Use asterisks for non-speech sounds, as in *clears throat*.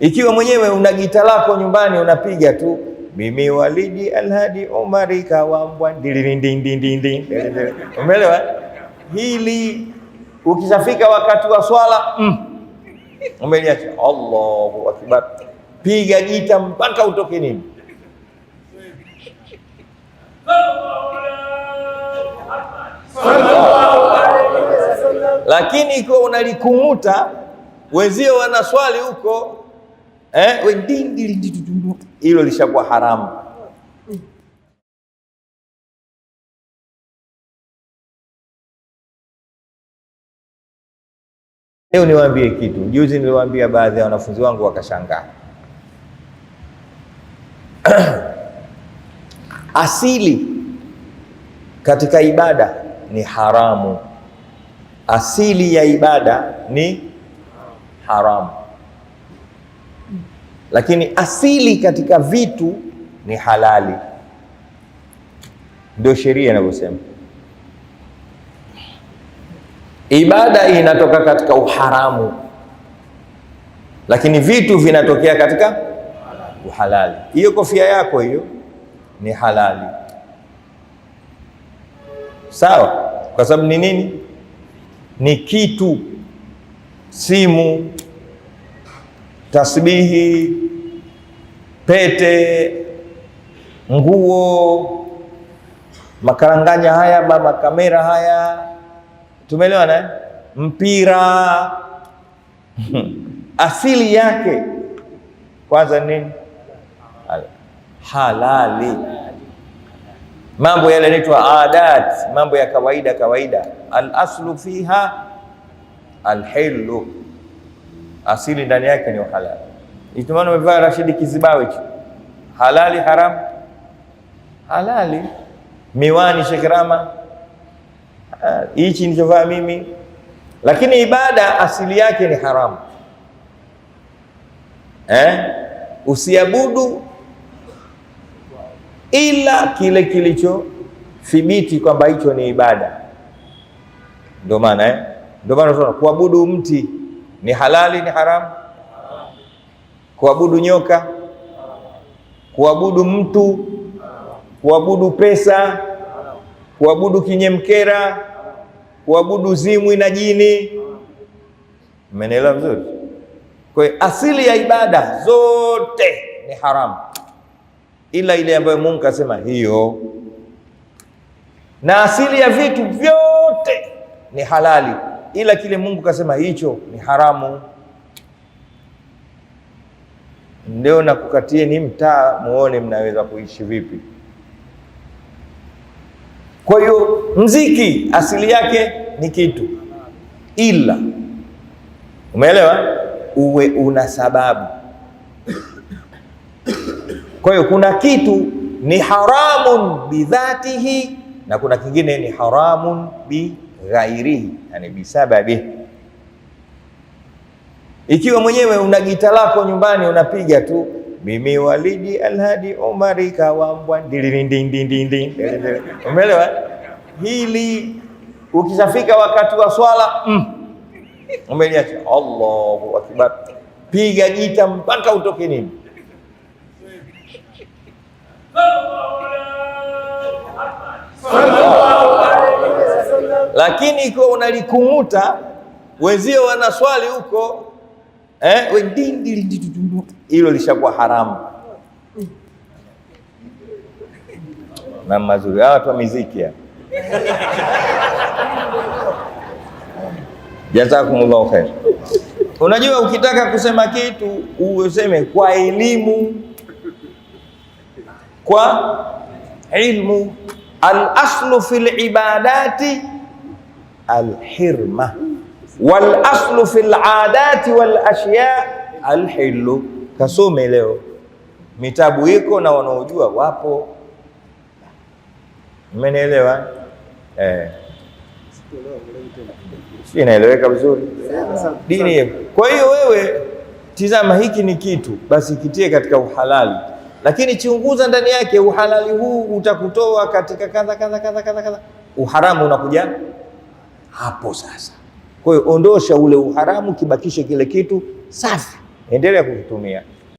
Ikiwa mwenyewe una gita lako nyumbani unapiga tu, mimi Walidi Alhadi umari Kawambwa, umeelewa? Hili ukishafika wakati wa swala mm, umeliacha. Allahu akbar, piga gita mpaka utoke nini. Lakini ikiwa unalikumuta wenzio wanaswali huko eh, we dingi hilo lishakuwa haramu. Leo niwaambie kitu. Juzi niliwaambia baadhi ya wanafunzi wangu wakashangaa. *clears throat* Asili katika ibada ni haramu. Asili ya ibada ni haramu lakini asili katika vitu ni halali, ndio sheria inavyosema. Ibada inatoka katika uharamu, lakini vitu vinatokea katika uhalali. Hiyo kofia yako hiyo ni halali, sawa? Kwa sababu ni nini? Ni kitu, simu tasbihi, pete, nguo, makaranganya haya, kamera haya, tumeelewana eh? Mpira *laughs* asili yake kwanza nini? Halali. Mambo yale yanaitwa adat, mambo ya kawaida kawaida. Al aslu fiha alhilu asili ndani yake ni halali. Ndio maana umevaa Rashidi kizibawe hicho, halali haramu? Halali. Miwani Sheikh Rama ah, hichi uh, nilichovaa mimi, lakini ibada asili yake ni haramu eh? Usiabudu ila kile kilichothibiti kwamba hicho ni ibada. Ndio maana eh? Ndio maana kuabudu mti ni halali, ni haramu? Kuabudu nyoka, kuabudu mtu, kuabudu pesa, kuabudu kinyemkera, kuabudu zimwi na jini. Mmenielewa vizuri? Kwa hiyo asili ya ibada zote ni haramu, ila ile ambayo Mungu kasema hiyo, na asili ya vitu vyote ni halali ila kile Mungu kasema hicho ni haramu. Ndio ni mtaa muone mnaweza kuishi vipi. Kwa hiyo mziki asili yake ni kitu, ila umeelewa, uwe una sababu. Kwa hiyo kuna kitu ni haramun bidhatihi na kuna kingine ni haramun bi ghairihi, yani bisababi. Ikiwa mwenyewe una gita lako nyumbani unapiga tu, mimi walidi alhadi umari kawambwa, umeelewa hili. Ukishafika wakati wa swala mm. Umeliacha Allahu akbar, piga gita mpaka utoke nini lakini ikiwa unalikumuta wenzio wanaswali huko eh, hilo lishakuwa haramu. Na mazuri hawa watu wa miziki jazakumullahu khair. Unajua, ukitaka kusema kitu useme kwa elimu, kwa ilmu. Al aslu fil ibadati alhirma wal aslu fil adati wal alhilu. Kasome leo, mitabu iko na wanaojua wapo. Mmenielewa eh? Si inaeleweka vizuri dini? Kwa hiyo wewe tizama, hiki ni kitu basi, kitie katika uhalali, lakini chunguza ndani yake, uhalali huu utakutoa katika kadha kadha kadha kadha, uharamu unakuja hapo sasa. Kwa hiyo ondosha ule uharamu, kibakishe kile kitu safi, endelea kukitumia.